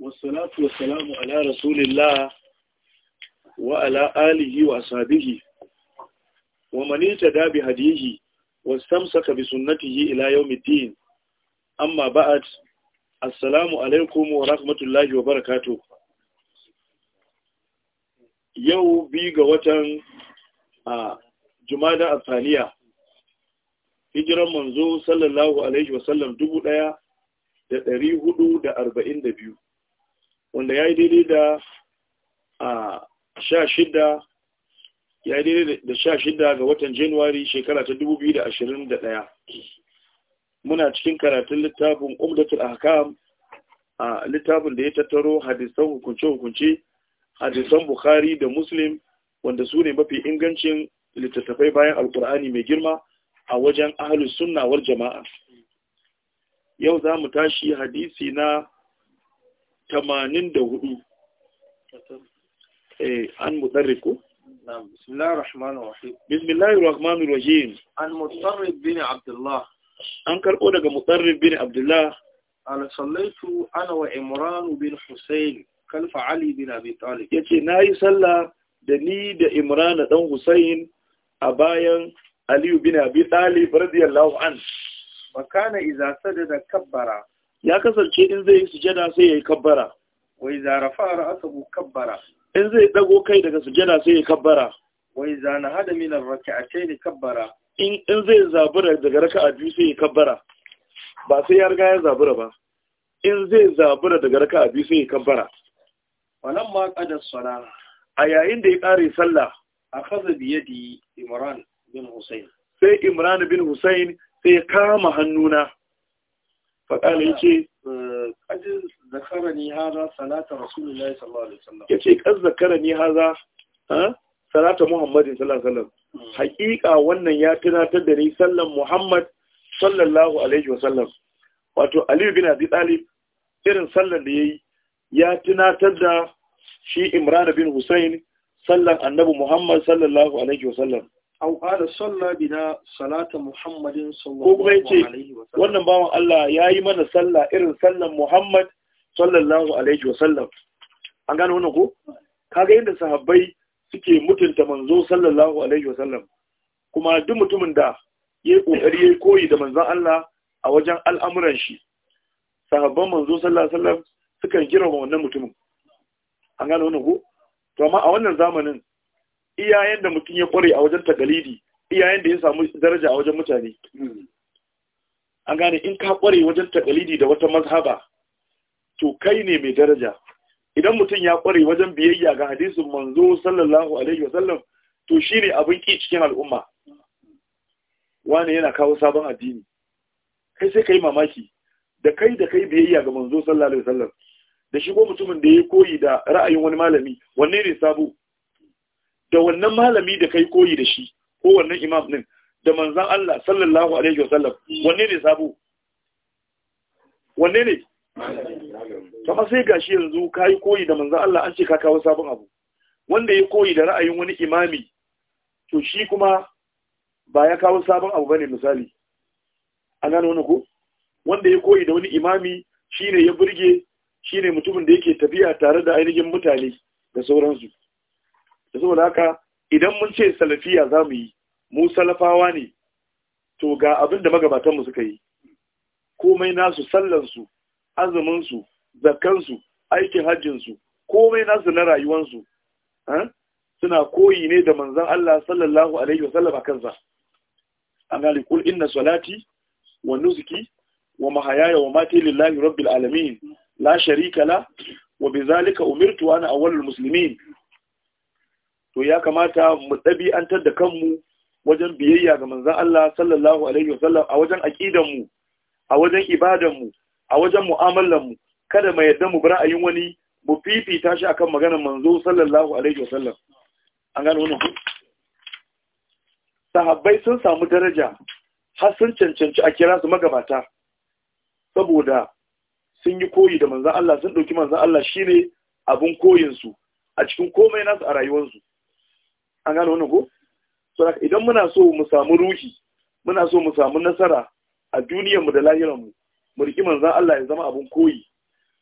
والصلاة والسلام ala rasulillah wa وعلى آله وأصحابه ومن اتدى بهديه واستمسك bi hadihi يوم bi أما بعد السلام amma ورحمة الله alaikum wa rahmatullahi wa جمادة yau biyu ga watan a jumada afaniya hijiran manzo sallallahu alaihi wasallam dubu ɗaya da ɗari hudu da arba'in da biyu wanda ya yi daidai da sha shida ya yi daidai da sha shida ga watan januwari shekara ta dubu biyu da ashirin da ɗaya muna cikin karatun littafin umdatul ahkam a littafin da ya tattaro hadisan hukunce-hukunce hadisan bukhari da muslim wanda su ne mafi ingancin littattafai bayan alkur'ani mai girma a wajen ahalus sunna jama'a yau za mu tashi hadisi na tamanin da hudu eh, an mutarrif bismillahir rahmanir rahim an mutarrif bin abdullah an karbo daga mutarrif bin abdullah ana sallaitu ana wa imran bin husayn kalfa ali bin abi talib yace nayi sallah da ni da imran dan husayn a bayan ali bin abi talib radiyallahu an makana idza sadada kabbara ya kasance in zai yi sujada sai ya yi kabbara zarafa idza rafa'a ra'sahu kabbara in zai dago kai daga sujada sai ya kabbara hada minar raka a ce rakatayn kabbara in in zai zabura daga a biyu sai ya kabbara ba sai ya riga ya zabura ba in zai zabura daga raka a biyu sai ya kabbara Wannan ma kada salah a yayin da ya kare sallah akhadha bi yadi imran bin Hussein sai imran bin Hussein sai ya kama hannuna faƙala ya ce ƙajin zakara ni haza salata ya ce ƙaz zakara ni haza salata muhammadin sallallahu haƙiƙa wannan ya tunatar da ni sallan muhammad sallallahu alaihi wasallam wato aliyu bin abi talib irin sallan da ya yi ya tunatar da shi imran bin husain sallan annabi muhammad sallallahu alaihi wasallam au qala salla bina salata muhammadin sallallahu alaihi wa sallam wannan bawan Allah yayi mana sallah irin sallan muhammad sallallahu alaihi wa sallam an gano wannan ko kaga yadda sahabbai suke mutunta manzo sallallahu alaihi wa sallam kuma duk mutumin da ƙoƙari kokari yi koyi da manzon Allah a wajen al'amuran shi sahabban manzo sallallahu alaihi wa sallam sukan girma wannan mutumin an gano wannan ko to amma a wannan zamanin iyayen da mutum ya kware a wajen tagalidi iyayen da ya samu daraja a wajen mutane hmm. an gane in ka kware wajen tagalidi da wata mazhaba to kai ne mai daraja idan mutum ya kware wajen biyayya ga hadisin manzo sallallahu alaihi wasallam to shine abin ki cikin al'umma wani yana kawo sabon addini kai sai yi mamaki da kai da kai biyayya ga manzo sallallahu alaihi wasallam da shigo mutumin da ya koyi da ra'ayin wani malami wanne ne sabo da wannan malami da kai koyi da shi ko wannan imam din da manzan Allah sallallahu alaihi wasallam wanne ne sabo wanne ne kuma sai gashi yanzu kai koyi da manzan Allah an ce ka kawo sabon abu wanda ya koyi da ra'ayin wani imami to shi kuma ba ya kawo sabon abu bane misali an gano wani ko wanda ya koyi da wani imami shine ya burge shine mutumin da yake tafiya tare da ainihin mutane da sauransu da saboda haka idan mun ce salafiya za mu yi mu salafawa ne to ga abin da magabatanmu suka yi komai nasu sallansu azuminsu zakansu aikin hajjinsu komai nasu na rayuwansu suna koyi ne da manzan Allah sallallahu alaihi wasallam a kansa an gani kul inna salati wa Nuzuki wa mahayaya wa mati lillahi rabbil alamin la sharika la wa bizalika umirtu ana awwalul muslimin to ya kamata mu ɗabi'antar da kanmu wajen biyayya ga manzan Allah sallallahu alaihi wasallam a wajen aƙidanmu, a wajen ibadanmu a wajen mu'amalanmu kada mu yadda mu ra'ayin wani mu fifita shi akan maganar manzo sallallahu alaihi wasallam an gano sahabbai sun samu daraja har sun cancanci a kira su magabata saboda sun yi koyi da manzan Allah sun ɗauki manzan Allah shine abin koyinsu a cikin komai nasu a rayuwarsu an gane wannan ko so idan muna so mu samu ruhi muna so mu samu nasara a duniyar mu da lahiran mu mu riki manzon Allah ya zama abun koyi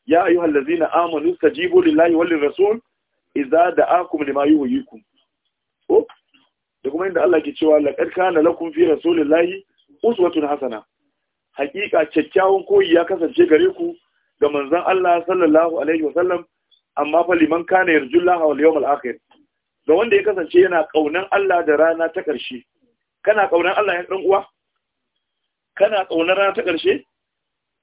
ya ayu ladzina amanu stajibu lillahi wal rasul idza da'akum lima yuhyikum ko da kuma inda Allah ke cewa laqad kana lakum fi rasulillahi uswatun hasana hakika kyakkyawan koyi ya kasance gare ku ga manzan Allah sallallahu alaihi wasallam amma fa liman kana yarjullaha wal yawmal akhir ga wanda ya kasance yana ƙaunan Allah da rana ta ƙarshe kana ƙaunan Allah ya ɗan uwa kana ƙaunar rana ta ƙarshe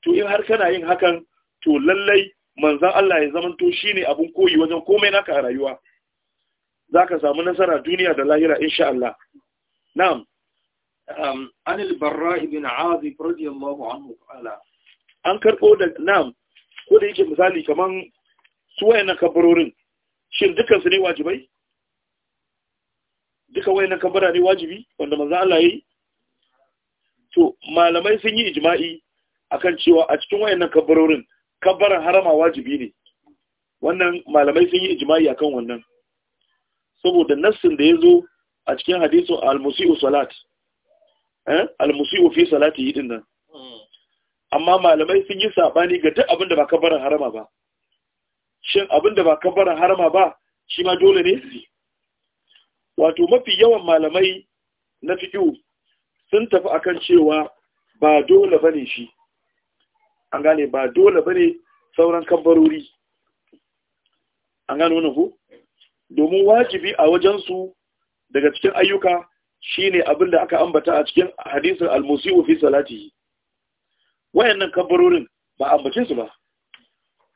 to in har kana yin hakan to lallai manzan Allah ya shi ne abin koyi wajen komai naka a rayuwa Za ka samu nasara duniya da lahira insha Allah na'am um anil barra ibn azib radiyallahu anhu ta'ala an karɓo da na'am ko da yake misali kaman su wayannan kabarorin shin dukkan su ne wajibai duka wayannan kabbara ne wajibi wanda maza Allah ya yi? to malamai sun yi ijma'i akan cewa a cikin wayannan kabarorin kabara harama wajibi ne wannan malamai sun yi ijma'i akan wannan saboda nassin da yazo a cikin hadisin al-musii'u salat eh al fi salati din nan hmm. amma malamai sun yi sabani ga duk abin ba kabbaran harama ba shin abinda ba kabara harama ba shi ma dole ne wato mafi yawan malamai na fiƙiu sun tafi akan cewa ba dole bane shi an gane ba dole bane sauran kabbarori an gano domin wajibi a wajensu daga cikin ayyuka shine abin da aka ambata a cikin hadisin almusi musiu fi wayannan kabbarorin ba ambacin su ba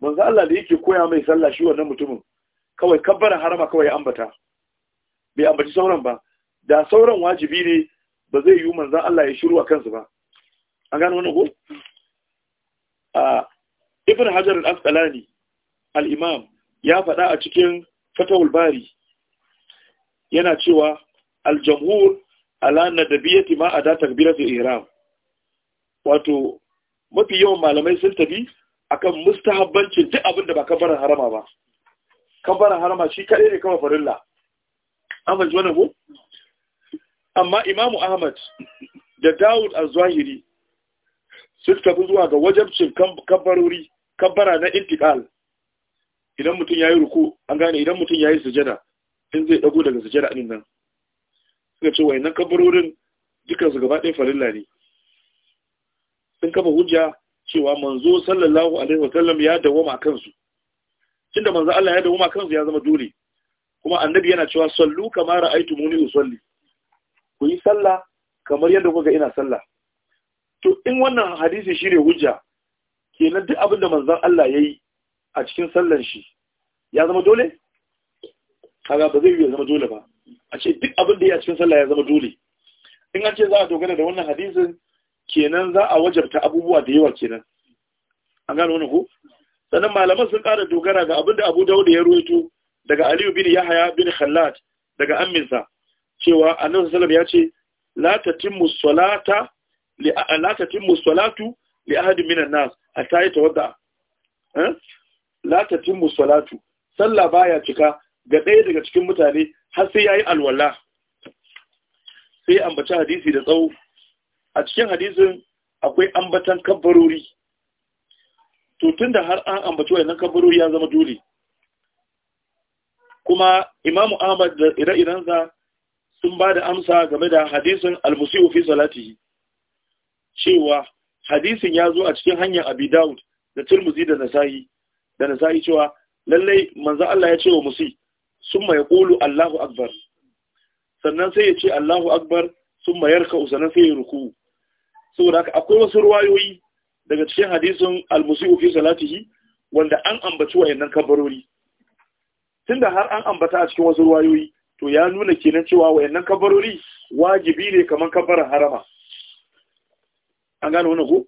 manzo Allah da yake koya mai sallah shi wannan mutumin kawai kabbara harama kawai ambata bai ambaci sauran ba da sauran wajibi ne ba zai yi manzan Allah ya shiru a kansu ba an gano wani ko a ibn hajar al-asqalani al-imam ya faɗa a cikin fatawul bari yana cewa al-jamhur ala nadabiyati ma ada takbiratul ihram wato mafi yawan malamai sun tafi akan mustahabbancin duk abin da ba kabbaran harama ba kabbaran harama shi kadai ne kawai farilla Ahmad wannan ko amma imamu ahmad da dawud a zahiri sun tafi zuwa ga wajabcin kabbarori kabbara na intikal idan mutum ya yi ruku an gane idan mutum ya yi sujada in zai ɗago daga sujada din nan suka ce wayannan kabbarorin dukan su gaba ɗaya farilla ne sun kafa hujja cewa manzo sallallahu alaihi wasallam ya dawoma kansu tunda manzo Allah ya dawoma kansu ya zama dole kuma annabi yana cewa sallu kama muni usalli ku yi sallah kamar yadda kuka ina sallah to in wannan hadisi shine hujja kenan duk abin da manzon Allah yayi a cikin sallan shi ya zama dole kaga ba zai yi zama dole ba a ce duk abin da ya cikin sallah ya zama dole in an ce za a dogara da wannan hadisin kenan za a wajabta abubuwa da yawa kenan an gano wani ko sannan malaman sun kara dogara ga abin da abu dauda ya ruwaito daga aliyu bin yahaya bin khallad daga amminsa cewa annabi sallallahu ya ce la tatimmu salata li la tatimmu salatu li ahadin minan nas hatta yatawadda eh la tatimmu salatu sallah baya cika ga ɗaya daga cikin mutane har sai yayi alwala sai ambaci hadisi da tsawo a cikin hadisin akwai ambatan kabbarori to tunda har an ambaci wannan kabbarori ya zama dole kuma imamu ahmad da ire-irensa sun ba da amsa game da hadisin almusi'u fi salati cewa hadisin ya zo a cikin hanyar abi daud da turmuzi da nasahi da nasahi cewa lallai manzo Allah ya ce wa musi summa Kulu Allahu akbar sannan sai ya ce Allahu akbar summa yarka'u sannan sai ya ruku saboda haka akwai wasu ruwayoyi daga cikin hadisin almusi'u fi salatihi wanda an ambaci wayannan kabarori tunda har an ambata a cikin wasu ruwayoyi to ya nuna kenan cewa wayannan kabarori wajibi ne kamar kabarin harama an gane wannan ko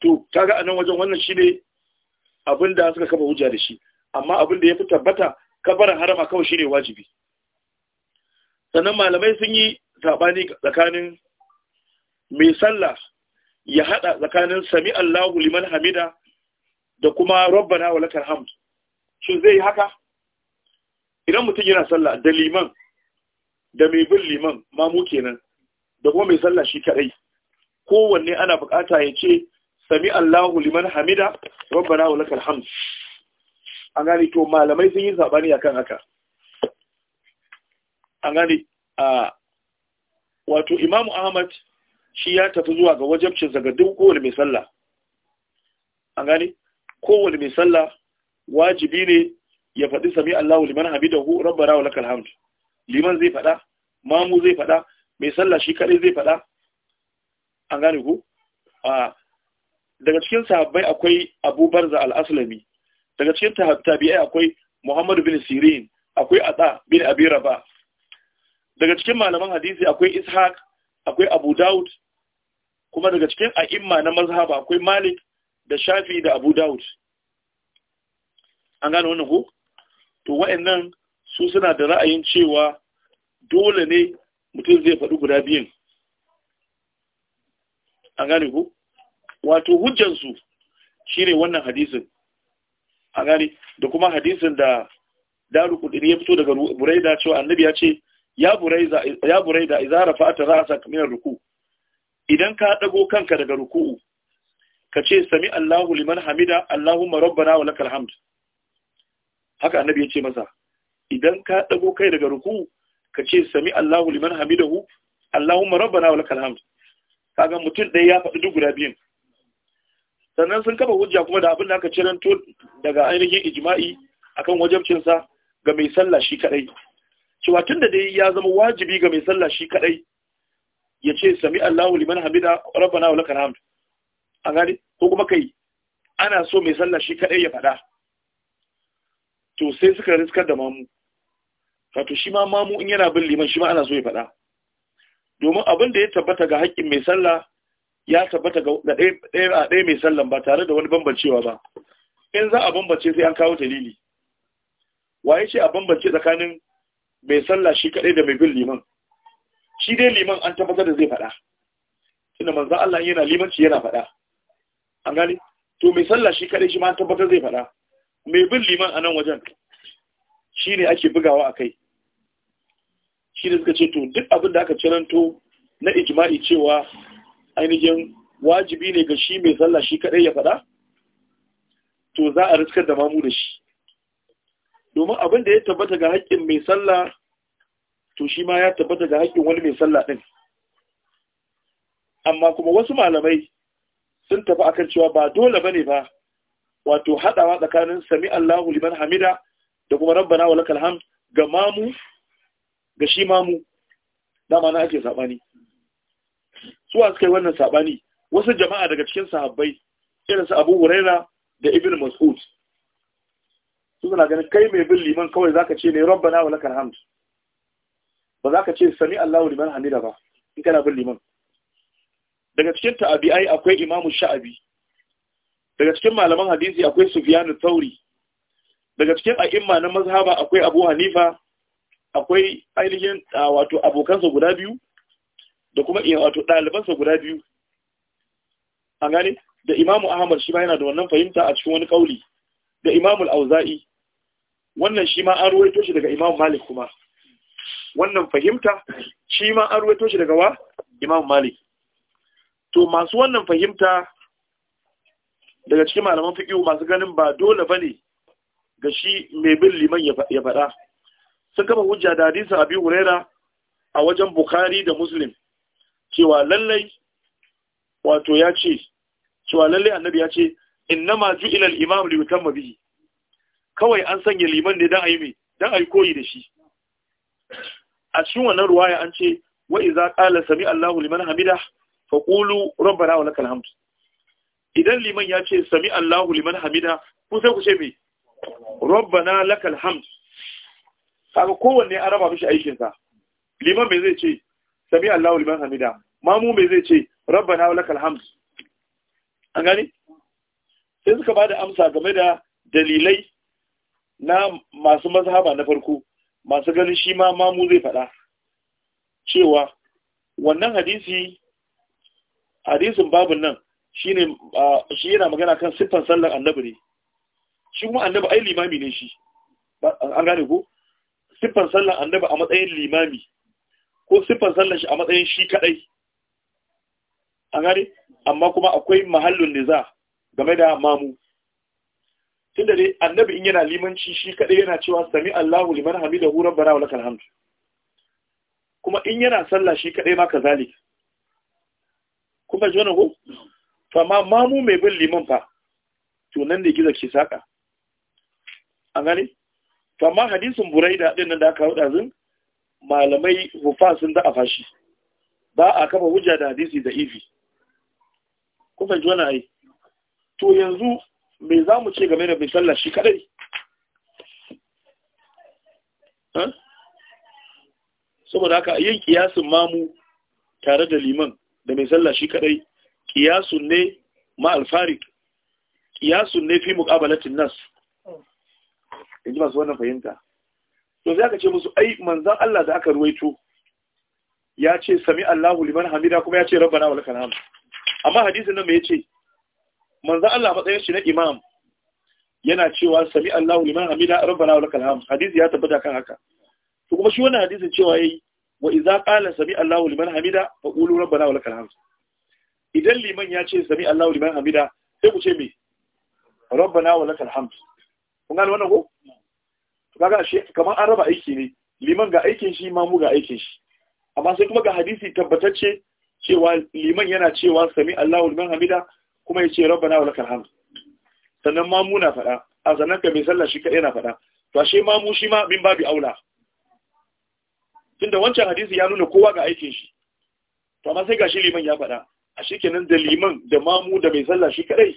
to kaga anan wajen wannan shine abin da suka kafa hujja da shi amma abin da ya fi tabbata kabarar harama kawai shine wajibi sannan malamai sun yi sabani tsakanin mai sallah ya haɗa tsakanin sami Allahu liman hamida da kuma rabbana wa lakal hamd shin zai yi haka idan mutum yana sallah da liman da mai bin liman mamu kenan da kuma mai sallah shi kadai kowanne ana bukata ya ce sami Allahu liman hamida rabbana wa lakal hamd an gane to malamai sun yi a akan haka an gane a wato Imam Ahmad shi ya tafi zuwa ga wajabcin daga duk kowanne mai sallah an gane kowanne mai sallah wajibi ne ya faɗi sami Allahu liman habidahu rabbana wa lakal hamd liman zai faɗa mamu zai faɗa mai sallah shi kaɗai zai faɗa an gane ku a daga cikin sahabbai akwai Abu Barza al-Aslami daga cikin tabi'ai akwai Muhammad bin Sirin akwai Atha bin Abi Rabah daga cikin malaman hadisi akwai Ishaq akwai Abu Dawud kuma daga cikin a'imma na mazhaba akwai Malik da Shafi da Abu Dawud an gane wannan ku? to wa'annan su suna da ra'ayin cewa dole ne mutum zai faɗi guda biyun an gane ku wato hujjansu shi ne wannan hadisin an gane da kuma hadisin da daru kudin ya fito daga buraida cewa annabi ya ce ya buraida izara fa'ata ra'asa kamar ruku idan ka dago kanka daga ruku'u ka ce sami Allahu liman hamida Allahumma rabbana wa lakal hamd haka annabi ya ce masa idan ka dago kai daga ruku ka ce sami Allahu liman hamidahu Allahumma rabbana wa lakal hamd kaga mutum ɗaya ya faɗi duk guda biyun sannan sun kafa hujja kuma da abin da aka to daga ainihin ijma'i akan sa ga mai sallah shi kadai cewa tunda dai ya zama wajibi ga mai sallah shi kadai ya ce sami Allahu liman hamida rabbana wa lakal hamd a gani ko kuma kai ana so mai sallah shi kadai ya faɗa to sai suka riskar da mamu Kato shi ma mamu in yana bin liman shi ma ana so ya faɗa domin abin da ya tabbata ga haƙƙin mai sallah ya tabbata ga ɗaya mai sallan ba tare da wani bambancewa ba in za a bambance sai an kawo dalili waye ce a bambance tsakanin mai sallah shi kaɗai da mai bin liman shi dai liman an tabbatar da zai faɗa tunda manzan Allah yana limanci yana faɗa an gani to mai sallah shi kaɗai shi ma an tabbatar zai faɗa mai bin liman a nan wajen shi ne ake bugawa a kai shi ne suka ce to duk abin da aka ciranto na ijma'i cewa ainihin wajibi ne ga shi mai sallah shi kadai ya faɗa to za a riskar da mamu da shi domin abin da ya tabbata ga haƙƙin mai sallah to shi ma ya tabbata ga haƙƙin wani mai sallah ɗin amma kuma wasu malamai sun tafi akan cewa ba dole ba ne ba wato hadawa tsakanin sami Allahu liman hamida da kuma rabbana wa lakal hamd ga mamu ga shi mamu dama na ake sabani suwa suka yi wannan sabani wasu jama'a daga cikin sahabbai irin su Abu Huraira da Ibn Mas'ud su suna ganin kai mai bin liman kawai zaka ce ne rabbana wa lakal hamd ba zaka ce sami Allahu liman hamida ba in kana bin liman daga cikin ta'abi'ai akwai imamu Sha'abi daga cikin malaman hadisi akwai sufiyanu tauri daga cikin a'imma na mazhaba akwai abu hanifa akwai ainihin wato abokansa guda biyu da kuma wato ɗalibansa guda biyu a gane da imamu ahmad shi ma yana da wannan fahimta a cikin wani ƙauli da imamu auza'i wannan shi ma an ruwaito shi daga imamu malik kuma wannan fahimta shi ma an ruwaito shi daga wa imamu malik to masu wannan fahimta daga cikin malaman fiƙi masu ganin ba dole ba ne ga shi mai bin liman ya faɗa sun kama hujja da hadisa abi huraira a wajen bukhari da muslim cewa lallai wato ya ce cewa lallai annabi ya ce innama ju'ila al-imam li yutamma bihi kawai an sanya liman ne dan ayi dan koyi da shi a cikin wannan ruwaya an ce wa idza qala sami Allahu liman hamida faqulu rabbana wa lakal hamd idan liman ya ce sami Allahu liman hamida ku sai ku ce me rabbana lakal hamd kaga kowanne an raba mishi aikin sa liman me zai ce sami Allahu liman hamida mamu me zai ce rabbana lakal hamd an gani sai suka bada amsa game da dalilai na masu mazhaba na farko masu ganin shi ma mamu zai faɗa cewa wannan hadisi hadisin babun nan shine shi yana magana kan siffan sallar annabi ne shi kuma annabi ai limami ne shi an gane ko siffan sallar annabi a matsayin limami ko siffan sallar shi a matsayin shi kadai an gane amma kuma akwai mahallun niza game da mamu tunda dai annabi in yana limanci shi kadai yana cewa sami Allahu liman hamidahu rabbana wa lakal hamd kuma in yana sallah shi kadai ma zalika. kuma ji wannan ko to amma mamu mai bin liman fa to nan da gizo ke saka an gane to amma hadisin buraida din nan da aka hauda zin malamai hufa sun da afashi ba a kafa hujja da hadisi da ifi Kuma ji wani ai to yanzu me za mu ce game da mai sallah shi kadai saboda haka yin kiyasin mamu tare da liman da mai sallah shi kadai qiyasun ne ma al-farid ne fi muqabalatin nas in ji masu wannan fahimta to sai aka ce musu ai manzon Allah da aka ruwaito ya ce sami Allahu liman hamida kuma ya ce rabbana wa lakal hamd amma hadisin nan me yace manzon Allah matsayin shi na imam yana cewa sami Allahu liman hamida rabbana wa lakal hamd hadisi ya tabbata kan haka to kuma shi wannan hadisin cewa yayi wa idza qala sami Allahu liman hamida fa qulu rabbana wa lakal idan liman ya ce sami Allahu liman hamida sai ku ce me rabbana wa lakal hamd kun ga wannan ko kaga shi kamar an raba aiki ne liman ga aikin shi mamu ga aikin shi amma sai kuma ga hadisi tabbatacce cewa liman yana cewa sami Allahu liman hamida kuma yace rabbana wa lakal hamd sannan mamu na faɗa a sannan ka mai sallah shi kaɗai na faɗa to ashe mamu shi ma min babi aula tunda wancan hadisi ya nuna kowa ga aikin shi to amma sai gashi liman ya faɗa a kenan da liman da mamu da mai sallah shi kadai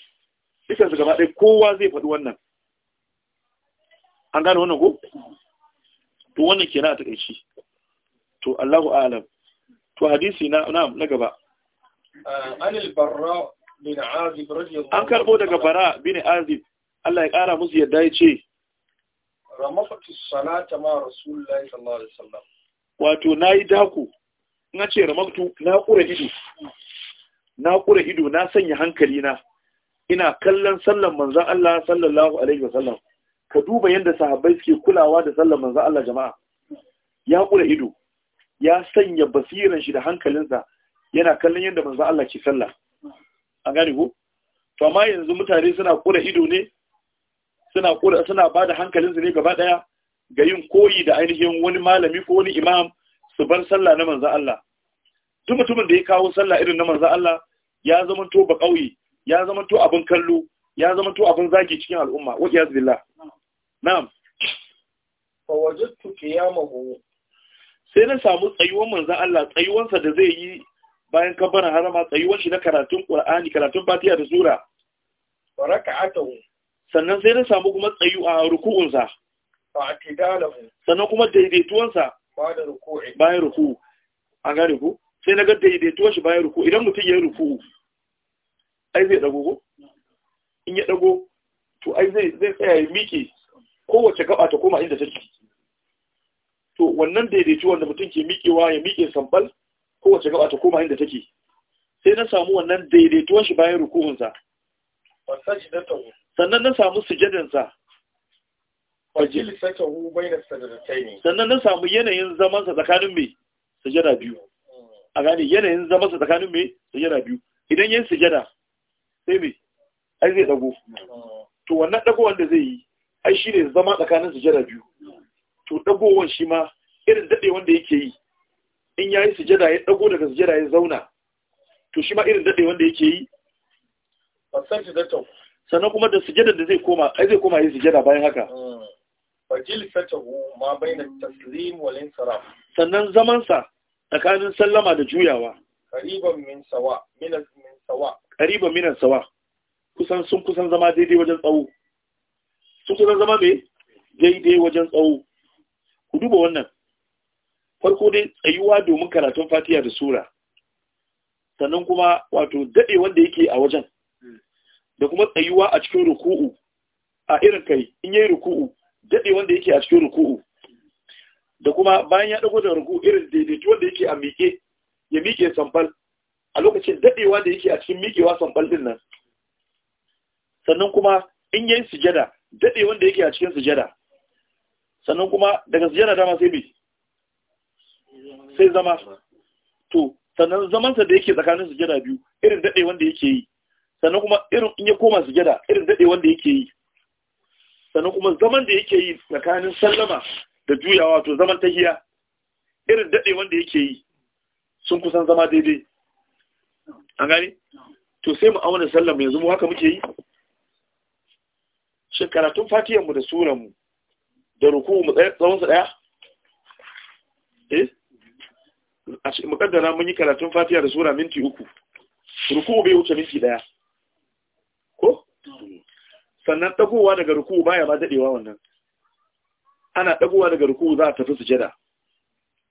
dukan su gaba ɗaya kowa zai faɗi wannan an gane wannan ko to wannan kenan a takaici to Allahu a'lam to hadisi na na na gaba eh, anil barra bin azib radiyallahu an karbo daga bara bin azib Allah ya kara musu yadda ya ce ramatu salata ma rasulullahi sallallahu alaihi wasallam wato nayi daku in ce Ramatu na kura ido na kura ido na sanya hankali na ina kallon sallan manzon Allah sallallahu alaihi wasallam ka duba yadda sahabbai suke kulawa da sallan manzon Allah jama'a ya kura ido ya sanya basiran shi da hankalinsa yana kallon yadda manzon Allah ke sallah an gane ko to amma yanzu mutane suna kura ido ne suna kura suna bada hankalinsu ne gaba daya ga yin koyi da ainihin wani malami ko wani imam su bar sallah na manzon Allah duk mutumin da ya kawo sallah irin na manzon Allah ya zama to ba kauye ya zama to abin kallo ya zama to abin zage cikin al'umma wa ya billah na'am fa wajadtu qiyamahu sai na samu tsayuwan manzon Allah tsayuwansa da zai yi bayan kabbara harama tsayuwan shi na karatun Qur'ani karatun Fatiha da sura wa raka'atuhu sannan sai na samu kuma tsayu a ruku'unsa fa atidalahu sannan kuma daidaituwansa bayan ruku'i bayan ruku an gane ku sai na ga daidaituwa shi bayan ruku idan mutum ya yi ruku ai zai dago in ya dago to ai zai zai tsaya ya miƙe kowace gaba ta koma inda take to wannan daidaituwar da mutum ke miƙewa ya miƙe sambal kowace gaba ta koma inda take sai na samu wannan daidaituwar shi bayan rukunsa sannan na samu sujadansa sannan na samu yanayin zamansa tsakanin me sujada biyu a gane yanayin zama su tsakanin mai sujada biyu idan yin sujada sai mai ai zai dago to wannan dago wanda zai yi ai shi ne zama tsakanin sujada biyu to dagowan shi ma irin daɗe wanda yake yi in ya yi sujada ya dago daga sujada ya zauna to shi ma irin daɗe wanda yake yi sannan kuma da sujada da zai koma ai zai koma yi sujada bayan haka hmm. fajilfatahu ma bayna taslim wal insaraf sannan zaman sa tsakanin sallama da juyawa ƙariban min sawa kusan sun kusan zama daidai wajen tsawo sun kusan zama mai daidai wajen tsawo ku duba wannan farko dai tsayuwa domin karatun Fatiya da sura sannan kuma wato daɗe wanda yake a wajen da kuma tsayuwa a cikin ruku'u a irin kai in yi ruku'u daɗe wanda yake a cikin ruku'u da kuma bayan ya dago da ruku irin daidaito wanda yake a miƙe ya miƙe samfal a lokacin dadewa da yake a cikin miƙewa samfal din nan sannan kuma in yayin sujada dadewan da yake a cikin sujada sannan kuma daga sujada dama sai bi sai zama to sannan sa da yake tsakanin sujada biyu irin dadewan da yake yi sannan kuma irin in ya koma sujada irin dadewan da yake yi sannan kuma zaman da yake yi tsakanin sallama da juyawa to zaman tahiya irin daɗe wanda yake yi sun kusan zama daidai an gani to sai mu auna sallar yanzu mu haka muke yi shekaratun fatiyanmu da suranmu da ruku mu tsawonsu ɗaya eh a mukaddara mun yi karatun fatiya da sura minti uku ruku bai wuce minti ɗaya ko sannan ɗagowa daga ruku baya ma daɗewa wannan ana ɗagowa daga ruku za a tafi sujada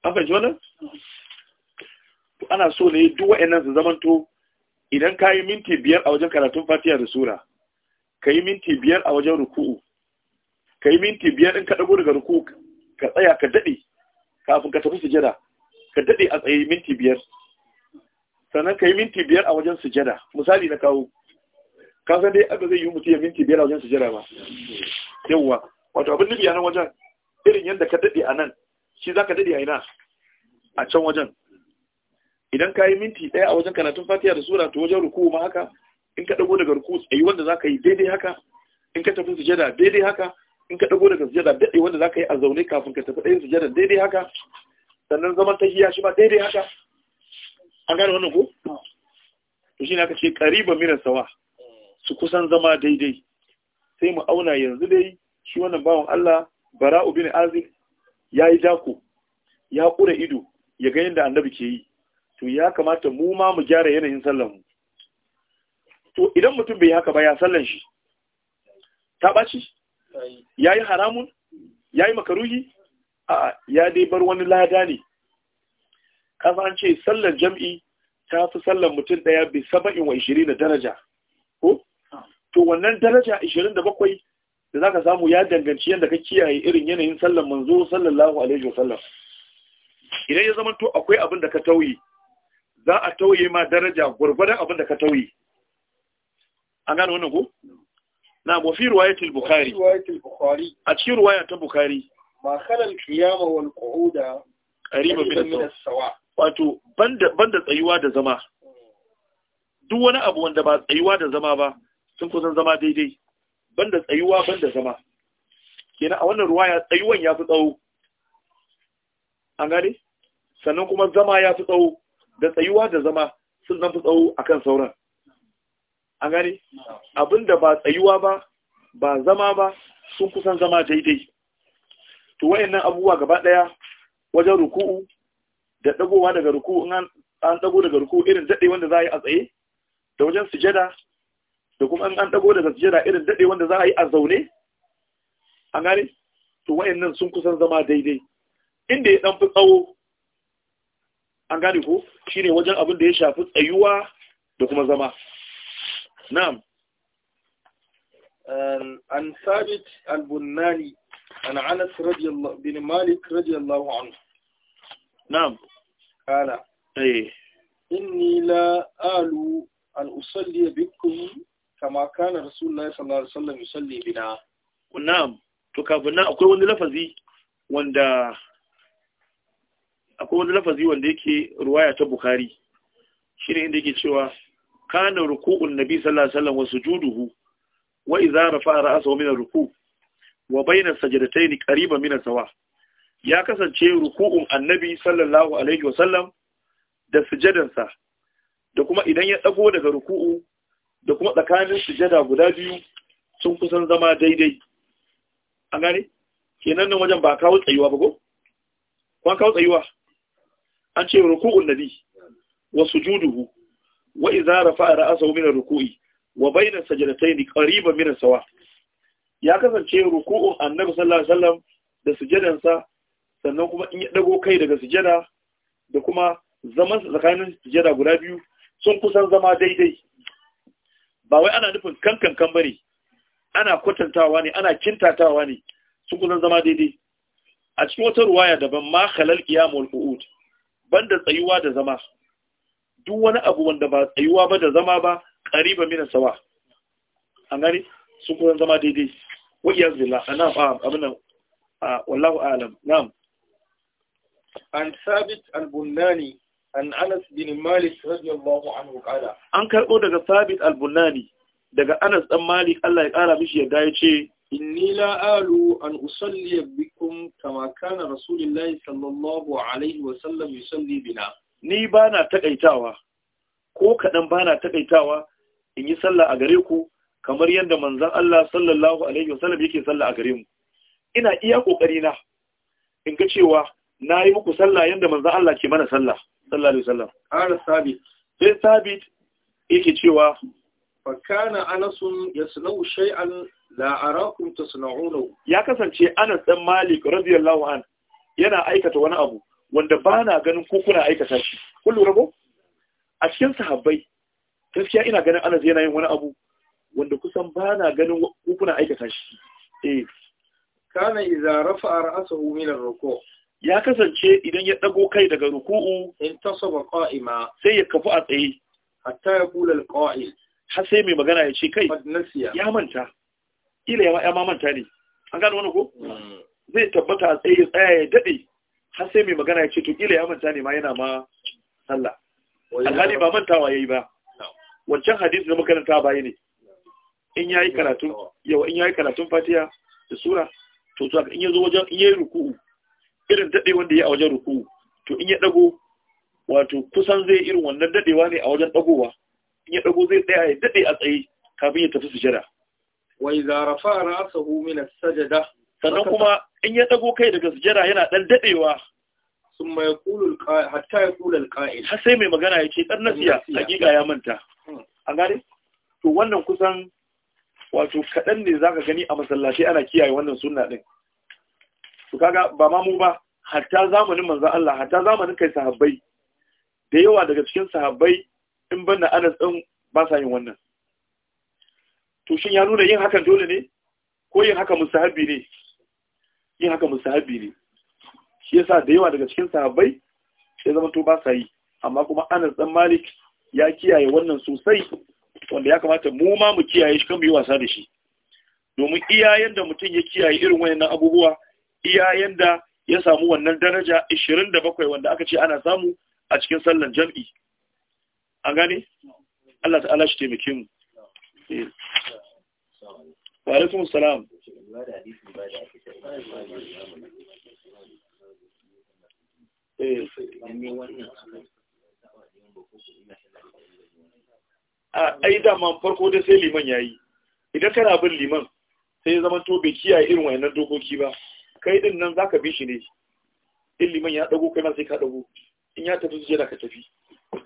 an fahimci wannan ana so ne duk wa'annan su zamanto idan ka yi minti biyar a wajen karatun fatiya da sura ka yi minti biyar a wajen ruku'u ka yi minti biyar in ka ɗago daga ruku'u ka tsaya ka daɗe kafin ka tafi sujada ka daɗe a tsaye minti biyar sannan ka yi minti biyar a wajen sujada misali na kawo ka san dai aka zai yi mutum ya minti biyar a wajen sujada ba yawwa wato abin nufi a nan wajen irin yadda ka daɗe a nan shi za ka daɗe a ina a can wajen idan ka yi minti ɗaya a wajen karatun Fatiya da sura to wajen ruku ma haka in ka ɗago daga ruku tsayi wanda za ka yi daidai haka in ka tafi sujada daidai haka in ka ɗago daga sujada daɗe wanda za ka yi a zaune kafin ka tafi ɗayan sujada daidai haka sannan zaman ta shi ma daidai haka an gane wannan ko to shi ne aka ce ƙariban minan sawa su kusan zama daidai sai mu auna yanzu dai shi wannan bawan Allah bara'u bin azib ya yi dako ya ƙura ido ya ga yadda annabi ke yi to ya kamata mu ma mu gyara yanayin sallanmu to idan mutum bai haka ba ya sallan shi ta ɓaci ya yi haramun ya yi makaruhi a ya dai bar wani lada ne kasan ce sallan jam'i ta fi sallan mutum ɗaya bi saba'in wa ishirin da daraja ko ah. to wannan daraja ishirin da bakwai da zaka samu ya danganci yadda ka kiyaye irin yanayin sallar manzo sallallahu alaihi wasallam idan ya zamanto akwai abin da ka tauye za a tauye ma daraja gurgurdan abin da ka tauye an gane wannan ko na wa fi riwayatul bukhari riwayatul bukhari a cikin riwaya ta bukhari ma khala al-qiyama wal qu'uda qariba min as-sawa wato banda banda tsayuwa da zama duk wani abu wanda ba tsayuwa da zama ba sun kusan zama daidai banda tsayuwa banda zama kenan a wannan ruwaya tsayuwan ya fi tsawo an gane sannan kuma zama ya fi tsawo da tsayuwa da zama sun nan fi tsawo akan sauran an gane abinda ba tsayuwa ba ba zama ba sun kusan zama daidai to wayannan abubuwa gaba daya wajen ruku'u da dagowa daga ruku'u an dago daga ruku'u irin dade wanda za a yi a tsaye da wajen sujada da kuma an dago daga sujada irin dade wanda za a yi a zaune an gane to wayannan sun kusan zama daidai inda ya dan fi tsawo an gane ko shine wajen abin da ya shafi tsayuwa da kuma zama na'am an sabit al-bunnani an anas radiyallahu bin malik radiyallahu anhu na'am qala eh inni la alu an usalli bikum kama kana rasulullahi sallallahu alaihi wasallam yusalli bina na'am to kafin nan akwai wani lafazi wanda akwai wani lafazi wanda yake ruwaya ta bukhari shine inda yake cewa kana ruku'un nabi sallallahu alaihi wasallam wa sujuduhu wa idza rafa'a ra'sahu min ar-ruku' wa bayna as-sajdatayn qariban min as-sawa' ya kasance ruku'un annabi sallallahu alaihi wasallam da sujadansa da kuma idan ya dago daga ruku'u da kuma tsakanin sujada guda biyu sun kusan zama daidai an gane kenan nan wajen ba kawo tsayuwa ba ko kwan kawo tsayuwa an ce ruku'un nabi wa sujuduhu wa idza rafa'a ra'sahu min ar-ruku'i wa bayna sajdatayn qariban min sawa ya kasance ruku'un annabi sallallahu alaihi wasallam da sa sannan kuma in ya dago kai daga sujada da kuma zaman tsakanin sujada guda biyu sun kusan zama daidai ba wai ana nufin kankan ba ne ana kwatantawa ne ana kintatawa ne su kusan zama daidai a cikin wata ruwaya daban ma halal qiyam wal qu'ud banda tsayuwa da zama duk wani abu wanda ba tsayuwa ba da zama ba qariba min sawa an gani su kusan zama daidai wa yazilla ana fa abuna wallahu a'lam na'am an sabit al-bunani an Anas bin Malik radiyallahu anhu qala an karbo daga Sabit al-Bunani daga Anas dan Malik Allah ya kara mishi yadda ya ce inni la alu an usalli bikum kama kana rasulullahi sallallahu alaihi wa sallam yusalli bina ni bana takaitawa ko kadan bana takaitawa in yi sallah a gare ku kamar yadda manzon Allah sallallahu alaihi wa sallam yake sallah a gare mu ina iya kokari na in ga cewa nayi muku sallah yadda manzon Allah ke mana sallah sallallahu alaihi wasallam qala sabit sai sabit yake cewa fa kana anas yasna'u shay'an la arakum tasna'unahu ya kasance anas dan malik radiyallahu an yana aikata wani abu wanda ba na ganin ko kuna aikata shi kun rabo, a cikin sahabbai gaskiya ina ganin anas yana yin wani abu wanda kusan ba na ganin ko kuna aikata shi eh kana idza rafa'a ra'sahu min ar-ruku' ya kasance idan ya dago kai daga ruku'u in tasaba qa'ima sai ya kafu a tsaye hatta ya kula alqa'il har sai mai magana ya ce kai ya manta ila ya ma manta ne an gano wani ko hmm. zai tabbata a tsaye tsaya ya dade har sai mai magana ya ce to ila ya manta ne ma yana ma sallah alhali ba mantawa yayi ba wancan hadisi da makaranta bayi ne in yayi karatu yawa in yayi karatun fatiha da sura to in yazo wajen in yayi ruku'u irin daɗe wanda ya a wajen ruku to in ya ɗago wato kusan zai irin wannan daɗewa ne a wajen ɗagowa in ya ɗago zai tsaya ya daɗe a tsaye kafin ya tafi sujada wa idza rafa'a ra'sahu min as-sajda sannan kuma in ya ɗago kai daga sujada yana ɗan daɗewa summa yaqulu al-qa'il hatta yaqulu al-qa'il har sai mai magana yake dan nasiya hakika ya manta hmm. an gane to wannan kusan wato kaɗan ne zaka gani a masallaci ana kiyaye wannan sunna din to kaga ba ma mu ba hatta zamanin manzo Allah hatta zamanin kai sahabbai da yawa daga cikin sahabbai in banda Anas din ba sa yin wannan to shin ya nuna yin hakan dole ne ko yin haka musahabi ne yin haka musahabi ne shi yasa da yawa daga cikin sahabbai sai zama to ba sa yi amma kuma Anas dan Malik ya kiyaye wannan sosai wanda ya kamata mu ma mu kiyaye shi kan mu yi wasa da shi domin iya yanda mutum ya kiyaye irin wayannan abubuwa iya yanda ya samu wannan daraja 27 wanda aka ce ana samu a cikin sallan jam'i an gane Allah ta'ala shi taimake mu eh. wa salam eh. a ah, ai dama farko da sai liman yayi idan kana bin liman sai zama to bai kiyaye irin wayannan dokoki ba kai din nan zaka bi shi ne in liman ya dago kai ma sai ka dago in ya tafi sujada ka tafi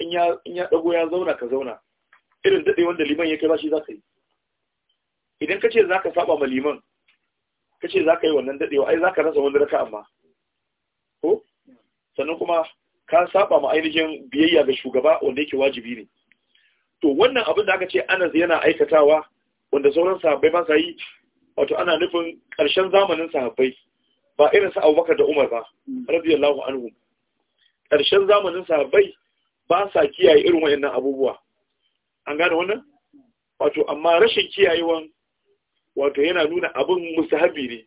in ya in ya dago ya zauna ka zauna irin dade wanda liman ya kai ba shi zaka yi idan ka ce zaka saba ma liman ka ce zaka yi wannan dadewa ai zaka rasa wani raka amma ko sannan kuma ka saba ma ainihin biyayya ga shugaba wanda yake wajibi ne to wannan abin da aka ce Anas yana aikatawa wanda sauran sahabbai ba sa yi wato ana nufin ƙarshen zamanin sahabbai ba irin su abubakar da umar ba radiyallahu anhu ƙarshen zamanin sahabbai ba sa kiyaye irin wayannan abubuwa an gane wannan wato amma rashin kiyayewan wato yana nuna abin musahabi ne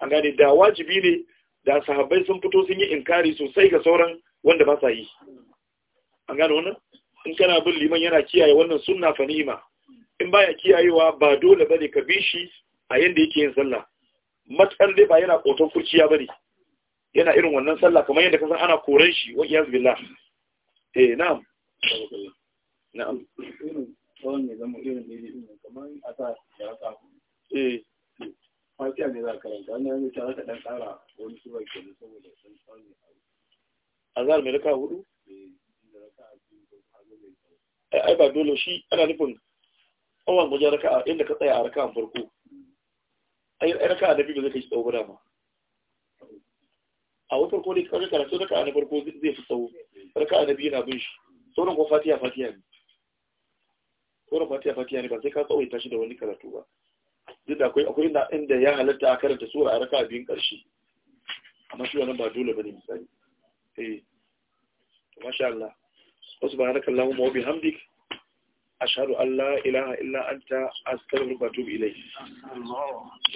an gane da wajibi ne da sahabbai sun fito sun yi inkari sosai ga sauran wanda ba sa yi an gane wannan in kana bin liman yana kiyaye wannan sunna fa ni'ima in baya kiyayewa ba dole bane ka bi shi a yanda yake yin sallah matsar dai ba yana koton kurciya ne, yana irin wannan sallah kamar yadda kasan ana koren shi wa iyaz billah eh na'am na'am wannan ne zama irin ne kamar a sa eh. ne za ka ta tsara wani mai raka hudu eh, ai ba dole shi ana nufin tsawon wajen raka inda ka tsaya a raka farko ai raka da biyu zai kai tsawo da ma a wata ko dai kawai karatu raka na farko zai fi tsawo raka na biyu na bin shi sauran ko fatiya fatiya ne sauran fatiya fatiya ne ba sai ka tsawaita shi da wani karatu ba duk da akwai akwai inda inda ya halatta a karanta sura a raka biyun karshe amma shi wannan ba dole bane misali eh to masha Allah wasu ba hanakallahu wa bihamdik ashhadu an la ilaha Ila'anta, anta astaghfiruka wa ilai.